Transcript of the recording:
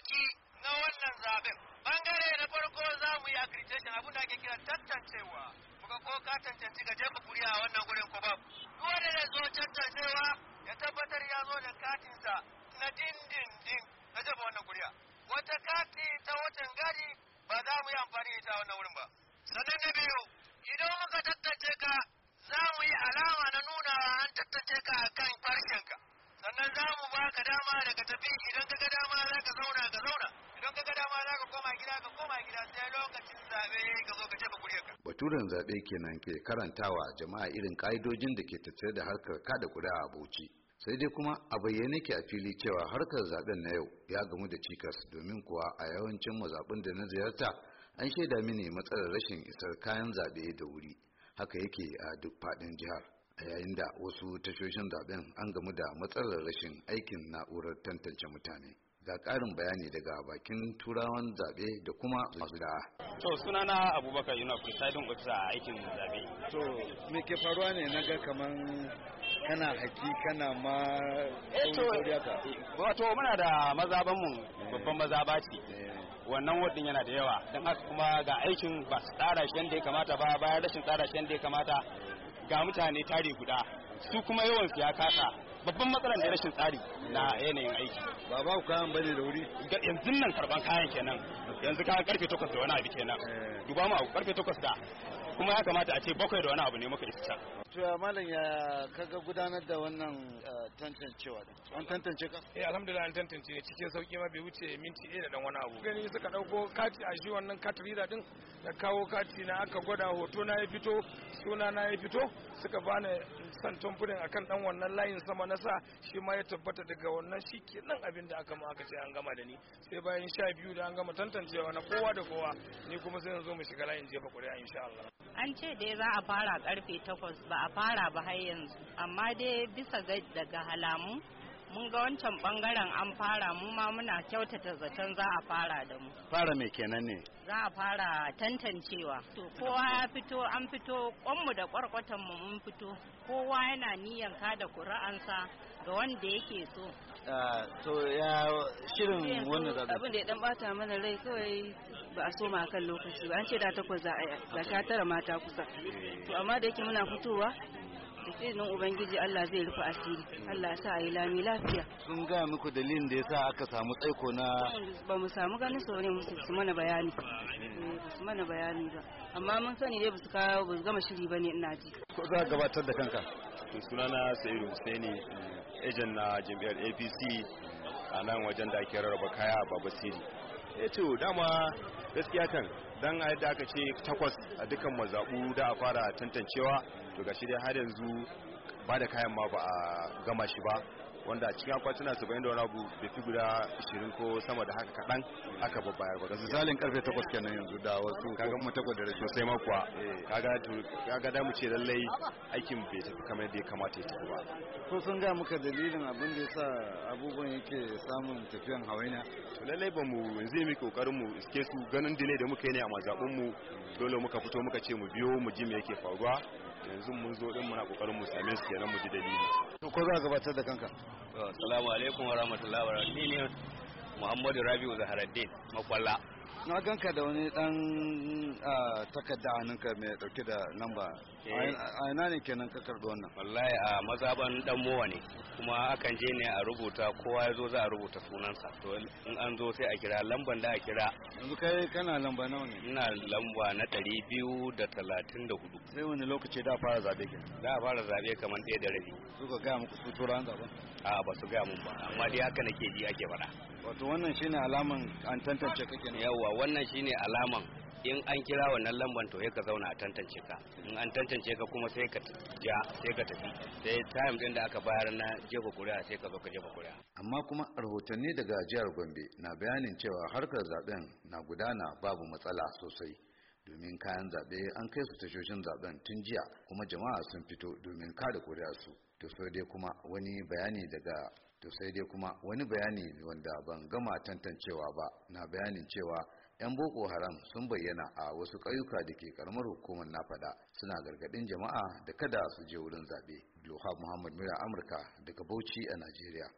dokoki na wannan zaben bangare na farko za mu yi accreditation abin da ake kira tantancewa muka ko ka tantance ka jefa kuri'a a wannan gurin ko ba duk wanda ya zo tantancewa ya tabbatar ya zo da katinsa na dindindin na jefa wannan kuri'a wata kati ta watan gari ba za mu yi amfani da ita wannan wurin ba sannan na biyu idan muka tantance ka za mu yi alama na nuna an tantance ka akan farshenka sannan ka dama daga tafi idan ka ga dama za ka zauna ka zauna idan ka ga dama za ka koma gida ka koma gida sai lokacin zaɓe ka zo ka jefa kuriyarka. Baturen zaɓe kenan ke karantawa jama'a irin ƙa'idojin da ke tattare da harkar kada kuri'a a Bauchi. sai dai kuma a bayyane ke a fili cewa harkar zaben na yau ya gamu da cikas domin kuwa a yawancin mazaɓin da na ziyarta an shaida mini matsalar rashin isar kayan zaɓe da wuri haka yake a duk faɗin jihar a yayin da wasu tashoshin zaben an gamu da matsalar rashin aikin na'urar tantance mutane ga ƙarin bayani daga bakin turawan zaɓe da kuma masu da'a. To sunana Abubakar Yunus presiding officer a aikin zaɓe. To me ke faruwa ne na ga kaman kana haki kana ma eh, wato muna da mazaban mu eh. babban mazaba ce eh. wannan wadin yana da yawa don haka kuma ga aikin ba su tsara shi yadda ya kamata ba bayan rashin tsara shi yadda ya kamata ga mutane tare guda su kuma yawansu ya kasa babban matsalar ne rashin tsari na yanayin aiki ba ba ku kayan bane da wuri yanzu nan karban kayan kenan yanzu kayan karfe 8 da wani abu kenan eh. duba mu karfe 8 da kuma ya kamata a ce bakwai da wani abu ne muka isa to ya malam ya kaga gudanar da wannan eh, tantancewa an tantance ka eh alhamdulillah an tantance ne cikin sauki ma bai wuce minti 1 da dan wani abu gani suka dauko kati a shi wannan da din da kawo kati na aka gwada hoto na ya fito suna na ya fito suka bani san tumfurin akan dan wannan layin sama na sa shi ma ya tabbata daga wannan shi kenan abin da aka ma aka ce an gama da ni sai bayan sha biyu da an gama tantancewa na kowa da kowa ni kuma sai zo mu shiga layin jefa kuri'a insha Allah an ce dai za a fara karfe takwas ba a fara ba har yanzu amma dai bisa ga daga halamu mun ga wancan bangaren an fara mu ma muna kyautata zaton za a fara da mu fara me kenan ne za a fara tantancewa to kowa ya fito an fito kwanmu da kwarkwatan mu mun fito kowa yana niyan kada kuri'ansa ga wanda yake so ah, to ya shirin wannan zaɓen abin da ya dan bata mana rai kawai ba a soma kan lokaci ba an ce da takwas za a yi da ka tara mata kusa eh. to amma da yake muna fitowa izinin ubangiji Allah zai rufe asiri Allah sa a yi lami lafiya sun gaya muku dalilin da ya sa aka samu tsaiko na ba mu samu ganin saurin musu su mana bayani su mana bayani ba amma mun sani dai ba su kawo ba gama shiri ba ne ina ji ko za gabatar da kanka na Sa'idu Husaini ejen na jami'ar APC a nan wajen da ake rarraba kaya a Babasiri. Ya ce eh dama gaskiya kan dan a yadda aka ce takwas a dukkan mazaɓu da a fara tantancewa to gashi dai har yanzu ba da kayan ma ba a gama shi ba wanda a cikin akwatuna saba'in da wani abu da fi guda ishirin ko sama da haka kaɗan aka babbayar ba misalin karfe takwas kenan yanzu da wasu kaga mu takwas da rashin sai makwa eh, kaga da mu ce lallai aikin bai tafi kamar yadda ya kamata ya tafi ba ko sun ga muka dalilin abin da yasa abubuwan yake samun tafiyan hawaina lallai ba mu yanzu mu kokarin mu iske su ganin dile da muka yi ne a mazabun mu dole muka fito muka ce mu biyo mu ji me yake faruwa yanzu mun zo din muna kokarin mu same su kenan mu ji dalili to ko za gabatar da kanka assalamu alaikum wa rahmatullahi wa barakatuh Muhammadu Rabi'u Zaharaddin Makwalla na ganka da wani dan takarda hannunka mai dauke da lamba eh. a ina ne kenan ka karbi wannan wallahi a mazaban dan mowa ne kuma akan je ne a rubuta kowa ya zo za a rubuta sunansa to in an zo sai a kira lamban da a kira yanzu kai kana lamba nawa ne ina lamba na 234 biyu da talatin da hudu sai wani lokaci da fara zabe ke za a fara zabe kamar ɗaya da rabi su ka gaya muku su turan zaben a ba su gaya mun ba amma dai haka nake ji ake fara wato wannan shine alaman an tantance kake ne yawa wannan shine alaman in an kira wannan lamban to ka zauna a tantance ka in an tantance ka kuma sai ka ja sai ka tafi sai time din da aka bayar na jefa kuri'a sai ka zo ka jefa kuri'a amma kuma rahotanni daga jihar Gombe na bayanin cewa harkar zaben na gudana babu matsala sosai domin kayan zaɓe an kai su tashoshin zaben tun jiya kuma jama'a sun fito domin kada kuri'a su to sai dai kuma wani bayani daga to sai dai kuma wani bayani wanda ban gama tantancewa ba na bayanin cewa 'yan boko haram sun bayyana a wasu ƙauyuka da ke karamar hukumar na faɗa suna gargaɗin jama'a da kada su je wurin zaɓe. Lohab Muhammad Mira Amurka daga Bauchi a Najeriya.